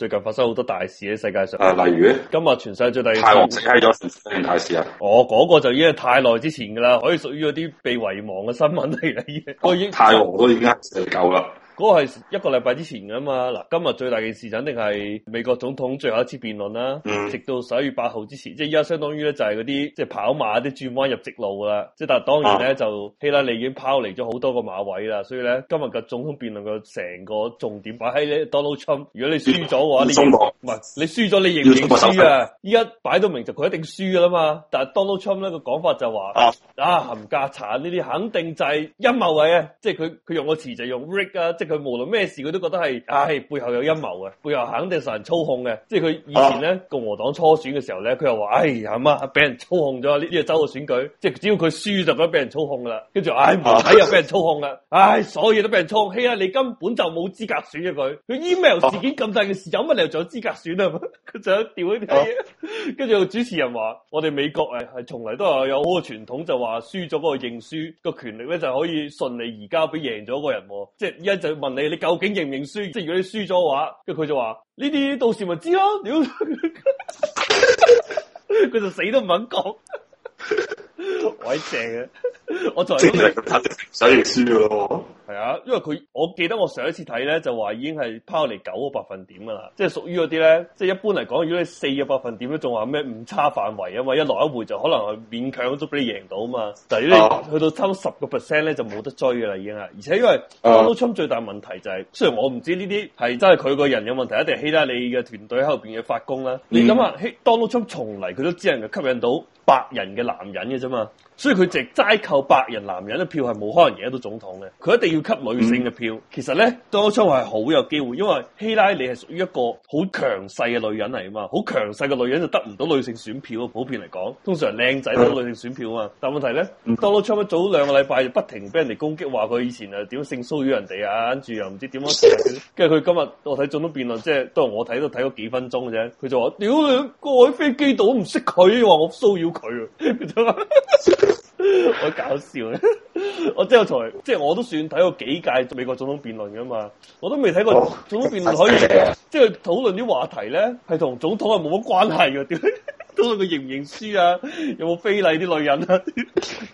最近發生好多大事喺世界上，啊，例如今日全世界最大嘅泰皇死出咗，件大事啊！我、哦、嗰、那個就已經太耐之前噶啦，可以屬於嗰啲被遺忘嘅新聞嚟啦，已經泰皇都已經死夠啦。嗰個係一個禮拜之前㗎嘛，嗱今日最大件事肯定係美國總統最後一次辯論啦。Mm. 直到十一月八號之前，即係依家相當於咧就係嗰啲即係跑馬啲轉彎入直路啦。即係但係當然咧就、uh. 希拉里已經拋離咗好多個馬位啦，所以咧今日嘅總統辯論嘅成個重點擺喺咧 Donald Trump。如果你輸咗嘅話你，你唔係你輸咗你認唔認輸啊？依家擺到明就佢一定輸㗎啦嘛。但係 Donald Trump 咧個講法就話、uh. 啊啊冚家鏟呢啲肯定就係陰謀位啊！即係佢佢用個詞就用 rig 啊即。佢無論咩事，佢都覺得係唉、哎、背後有陰謀嘅，背後肯定受人操控嘅。即係佢以前咧、啊、共和黨初選嘅時候咧，佢又話哎呀媽俾人操控咗呢個州嘅選舉，即係只要佢輸就咁俾人操控啦。跟住唉媒體又俾人操控啦，唉、哎、所有嘢都俾人操控。希啊、哎，你根本就冇資格選佢。佢 email 事件咁大件事、啊，有乜理由仲有資格選啊？佢就掉起呢，跟住個主持人話：，我哋美國誒係從來都係有個傳統，就話輸咗嗰個認輸個權力咧，就可以順利而家俾贏咗一個人，即係一陣。問你，你究竟認唔認輸？即係如果你輸咗嘅話，跟住佢就話呢啲到時咪知咯。屌，佢 就死都唔肯講。鬼 正啊！我做，即係佢想認輸咯。係啊，因為佢，我記得我上一次睇咧就話已經係拋嚟九個百分點噶啦，即係屬於嗰啲咧，即係一般嚟講，如果你四個百分點咧，仲話咩誤差範圍啊嘛，一來一回就可能係勉強都俾你贏到啊嘛，但係如果你去到差十個 percent 咧，就冇得追噶啦，已經係，而且因為 Donald Trump 最大問題就係、是，雖然我唔知呢啲係真係佢個人有問題，一定係希拉里嘅團隊喺後邊嘅發功啦，你諗下，Donald Trump 從嚟佢都只能夠吸引到。白人嘅男人嘅啫嘛，所以佢直齋扣白人男人嘅票係冇可能贏得到總統嘅，佢一定要吸女性嘅票。其實咧 Donald Trump 係好有機會，因為希拉里係屬於一個好強勢嘅女人嚟啊嘛，好強勢嘅女人就得唔到女性選票啊。普遍嚟講，通常靚仔多女性選票啊嘛。但問題咧 Donald Trump 早兩個禮拜就不停俾人哋攻擊，話佢以前啊點性騷擾人哋啊， 跟住又唔知點樣。跟住佢今日我睇總統辯論，即係都係我睇都睇咗幾分鐘嘅啫，佢就話，屌你，我喺飛機度我唔識佢，話我騷擾。佢 好 搞笑咧！ 我即係才，即係我都算睇過幾屆美國總統辯論噶嘛，我都未睇過總統辯論可以即係討論啲話題咧，係同總統係冇乜關係嘅。 討論佢認唔認輸啊，有冇非禮啲女人啊？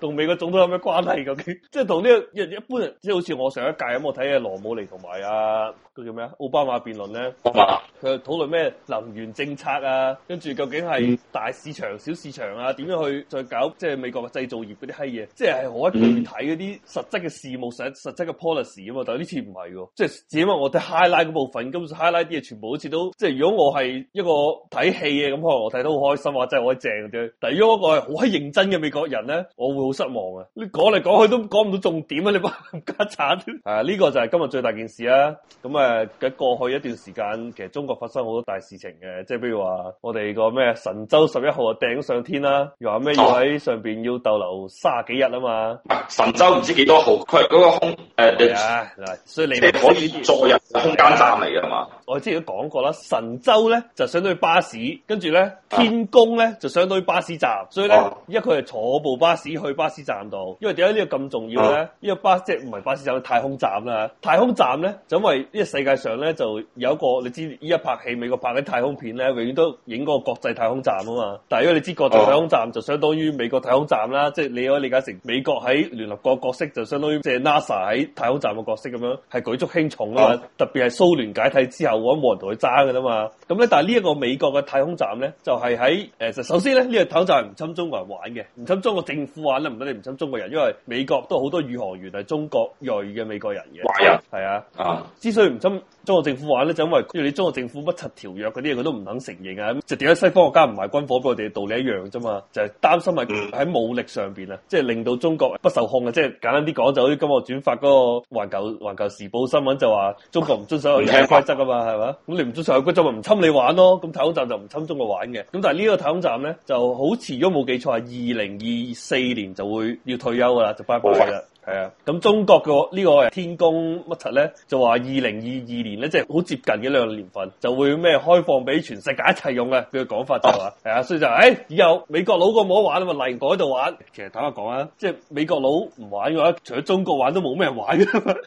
同 美國總統有咩關係？究竟即係同呢個一一般人，即係好似我上一屆咁，我睇嘅羅姆尼同埋啊，嗰叫咩啊？奧巴馬辯論咧，佢討論咩能源政策啊？跟住究竟係大市場小市場啊？點樣去再搞即係美國嘅製造業嗰啲閪嘢？即係係好具體嗰啲實質嘅事務實實質嘅 policy 啊嘛。但係呢次唔係喎，即係只因為我睇 highlight 嗰部分，根本 highlight 啲嘢全部好似都即係如果我係一個睇戲嘅咁，我睇得好開心。心話真係好正嘅，但係如果我係好認真嘅美國人咧，我會好失望啊。你講嚟講去都講唔到重點啊！你冚家鏟啊！呢個就係今日最大件事啊！咁啊，喺過去一段時間，其實中國發生好多大事情嘅，即係譬如話我哋個咩神舟十一號啊，掟上天啦，又話咩要喺上邊要逗留卅幾日啊嘛？啊神舟唔知幾多號，佢、那、嗰個空誒、嗯，所以你可以坐入空間站嚟嘅嘛？我之前都講過啦，神舟咧就相當於巴士，跟住咧天、啊。工咧就相當於巴士站，所以咧、啊、依家佢係坐部巴士去巴士站度。因為點解呢個咁重要咧？呢、啊、個巴士即係唔係巴士站，太空站啦。太空站咧就因為呢個世界上咧就有一個你知呢一拍戲美國拍緊太空片咧，永遠都影嗰個國際太空站啊嘛。但係因為你知國際太空站、啊、就相當於美國太空站啦，即係你可以理解成美國喺聯合國角色就相當於即係 NASA 喺太空站嘅角色咁樣，係舉足輕重啦、啊、特別係蘇聯解體之後，我冇人同佢爭嘅啦嘛。咁咧，但係呢一個美國嘅太空站咧，就係、是、喺誒，就首先咧，呢、這個頭就係唔侵中國人玩嘅，唔侵中國政府玩啦，唔得你唔侵中國人，因為美國都好多宇航員係中國裔嘅美國人嘅，係啊，係啊，啊，之所以唔侵。中國政府玩呢，就是、因為你中國政府不拆條約嗰啲嘢，佢都唔肯承認啊。就點解西方國家唔賣軍火俾我哋？道理一樣啫嘛，就係、係、擔心喺武力上邊，啊，即係令到中國不受控啊。即係簡單啲講，就好似今日轉發嗰個環球環球時報新聞就話中國唔遵守國際規則啊嘛，係嘛？咁你唔遵守國際規則咪唔侵你玩咯？咁太空站就唔侵中國玩嘅。咁但係呢個太空站咧，就好遲咗冇記錯係二零二四年就會要退休㗎啦，就拜拜啦。係啊，咁中國嘅呢個天宮乜柒咧，就話二零二二年咧，即係好接近嘅兩個年份，就會咩開放俾全世界一齊用嘅，佢個講法就話、啊，係啊，所以就誒、是哎，以後美國佬咁唔好玩啊嘛，嚟我度玩。其實坦白講啊，即、就、係、是、美國佬唔玩嘅話，除咗中國玩都冇咩人玩嘅。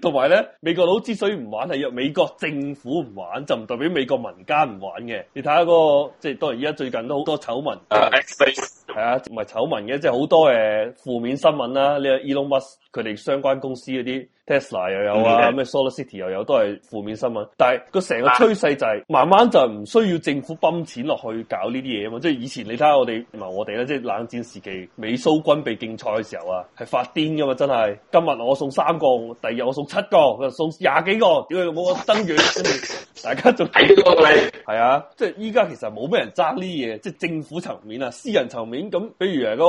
同埋咧，美國佬之所以唔玩係由美國政府唔玩，就唔代表美國民間唔玩嘅。你睇下、那個，個、就是，即係當然而家最近都好多醜聞。Uh, X 係啊，唔係醜聞嘅，即係好多誒負面新聞啦，呢個 Elon Musk 佢哋相關公司嗰啲。Tesla 又有啊，咩、嗯、SolarCity 又有，都係負面新聞。但係個成個趨勢就係、是、慢慢就唔需要政府抌錢落去搞呢啲嘢啊嘛。即、就、係、是、以前你睇下我哋，唔係我哋咧，即、就、係、是、冷戰時期美蘇軍備競賽嘅時候啊，係發癲噶嘛，真係。今日我送三個，第二日我送七個，佢送廿幾個，屌我個登月， 大家仲睇呢個係啊，即係依家其實冇咩人揸呢啲嘢，即、就、係、是、政府層面啊，私人層面咁。比如誒嗰個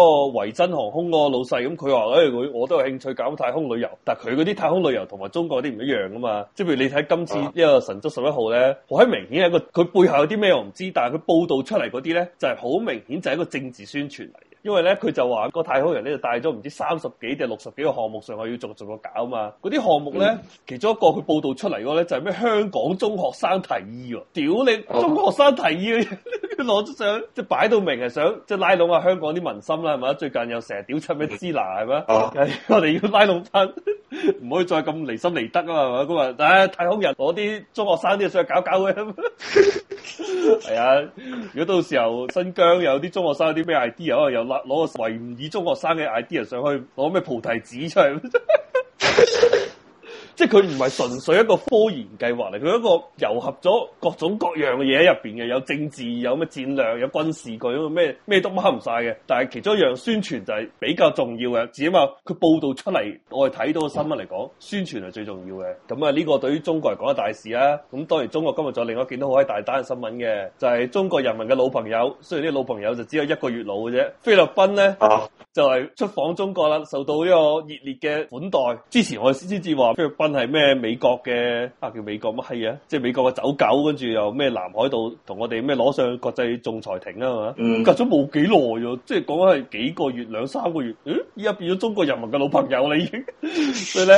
維珍航空個老細咁，佢話誒我我都有興趣搞太空旅遊，但係佢嗰啲太旅遊同埋中國啲唔一樣噶嘛，即係譬如你睇今次呢個神舟十一號咧，好喺明顯係一個佢背後有啲咩我唔知，但係佢報道出嚟嗰啲咧就係好明顯就係一個政治宣傳嚟嘅，因為咧佢就話個太空人咧就帶咗唔知三十幾定六十幾個項目上去要逐逐個搞啊嘛，嗰啲項目咧其中一個佢報道出嚟嗰咧就係咩香港中學生提議喎，屌你中學生提議。 攞咗相，即係擺到明係想即係拉攏下香港啲民心啦係咪？最近又成日屌出咩支那係咪？啊、 我哋要拉攏翻，唔可以再咁離心離德啊嘛係咪？咁啊！唉，太空人攞啲中學生啲嘢，上去搞搞佢係啊！如果到時候新疆有啲中學生有啲咩 idea，又攞攞個維吾爾中學生嘅 idea 上去攞咩菩提子出嚟。 即係佢唔係純粹一個科研計劃嚟，佢一個糅合咗各種各樣嘅嘢喺入邊嘅，有政治，有咩戰略，有軍事，佢有咩咩都唔晒嘅。但係其中一樣宣傳就係比較重要嘅，至起碼佢報道出嚟，我哋睇到個新聞嚟講，宣傳係最重要嘅。咁啊，呢個對於中國嚟講嘅大事啊。咁當然中國今日就另外見到好以大單嘅新聞嘅，就係、是、中國人民嘅老朋友，雖然啲老朋友就只有一個月老嘅啫。菲律賓咧、啊、就係、是、出訪中國啦，受到呢個熱烈嘅款待。之前我先至話真係咩美國嘅啊叫美國乜係啊，即係美國嘅走狗，跟住又咩南海度同我哋咩攞上國際仲裁庭啊嘛、嗯，隔咗冇幾耐喎，即係講緊係幾個月兩三個月，咦，依家變咗中國人民嘅老朋友啦已經， 所以咧，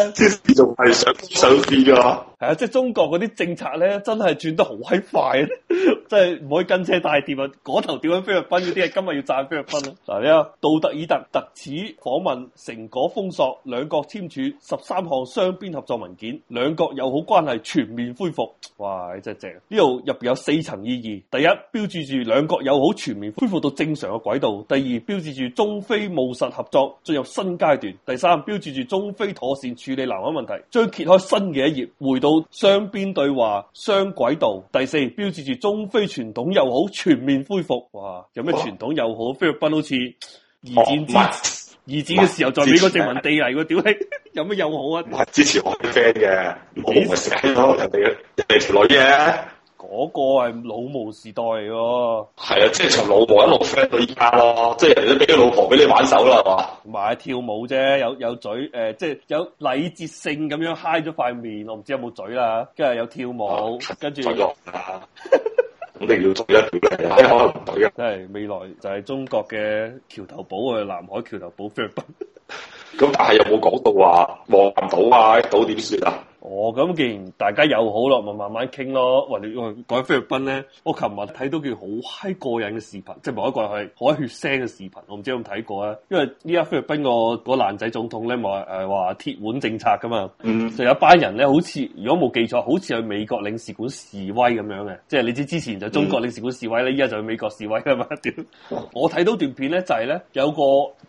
仲係想想見噶，係啊，即係中國嗰啲政策咧，真係轉得好閪快，啊 真係唔可以跟車大跌啊！嗰頭點樣菲律賓嗰啲係今日要炸菲律賓啊！嗱、 啊，呢、這個杜特爾特特此訪問成果豐碩，兩國簽署十三項雙邊合作文件，兩國友好關係全面恢復。哇，真係正，呢度入邊有四層意義：第一，標誌住兩國友好全面恢復到正常嘅軌道；第二，標誌住中菲務實合作進入新階段；第三，標誌住中菲妥善處理南海問題，將揭開新嘅一頁，回到雙邊對話雙軌道；第四，標誌住。中菲傳統友好全面恢復，哇！有咩傳統友好？菲律賓好似二戰之二戰嘅時候，在美國殖民地嚟個屌你，有咩友好啊？支持我啲 friend 嘅，我唔係人哋人哋條女嘅。嗰、那個係老毛時代嚟嘅。係啊，即係從老毛一路 friend 到依家咯，即係人哋都俾個老婆俾你玩手啦，係嘛，同埋跳舞啫，有有嘴，誒、呃，即係有禮節性咁樣嗨咗塊面，我唔知有冇嘴啦，跟住有跳舞，跟住肯定要捉一條，係可能唔對嘅，即係未來就係中國嘅橋頭堡啊，南海橋頭堡菲律賓，咁 但係有冇講到話望唔到啊？喺島點算啊？哦，咁既然大家又好咯，咪慢慢傾咯。喂、哦，你講菲律賓咧，我琴日睇到件好嗨過癮嘅視頻，即係無一個係好血腥嘅視頻。我唔知有冇睇過啊？因為呢家菲律賓個個男仔總統咧話誒話鐵腕政策噶嘛、嗯，就有一班人咧好似如果冇記錯，好似去美國領事館示威咁樣嘅，即係你知之前就中國領事館示威咧，依、嗯、家就去美國示威啊嘛。 我睇到段片咧就係、是、咧有個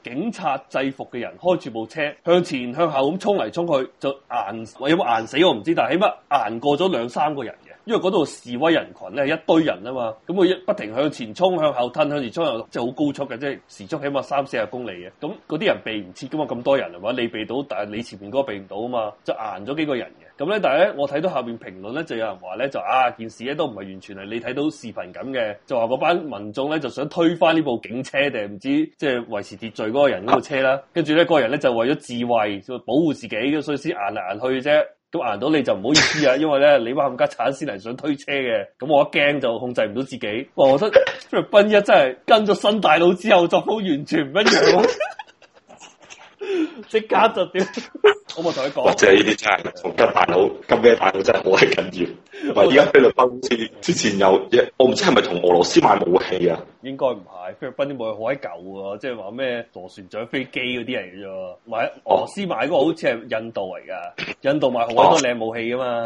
警察制服嘅人開住部車向前向後咁沖嚟沖去，就硬有冇硬？死我唔知，但係起碼硬過咗兩三個人嘅，因為嗰度示威人群咧係一堆人啊嘛，咁佢一不停向前衝，向後褪，向前衝又即係好高速嘅，即係時速起碼三四十公里嘅，咁嗰啲人避唔切噶嘛，咁多人係嘛，你避到但係你，你前面嗰個避唔到啊嘛，就硬咗幾個人嘅。咁咧但係咧我睇到下邊評論咧就有人話咧就啊，件事咧都唔係完全係你睇到視頻咁嘅，就話嗰班民眾咧就想推翻呢部警車定唔知即係維持秩序嗰個，啊，嗰個人嗰部車啦，跟住咧嗰個人咧就為咗自衛就保護自己，所以先硬嚟硬去啫。咁硬到你就唔好意思啊，因為咧你話冚家鏟先嚟想推車嘅，咁我一驚就控制唔到自己，哇，我覺得奔一真係跟咗新大佬之後作風完全唔一樣。 即刻就屌！ 我冇同你講。或者呢啲真係，金大佬、金咩大佬真係好閪緊要。而而家菲律賓好似之前有，我唔知係咪同俄羅斯買武器啊？應該唔係菲律賓啲武器好閪舊噶，即係話咩螺旋槳飛機嗰啲嚟嘅啫。唔係俄羅斯買嗰個，好似係印度嚟噶，印度買好多靚武器噶嘛。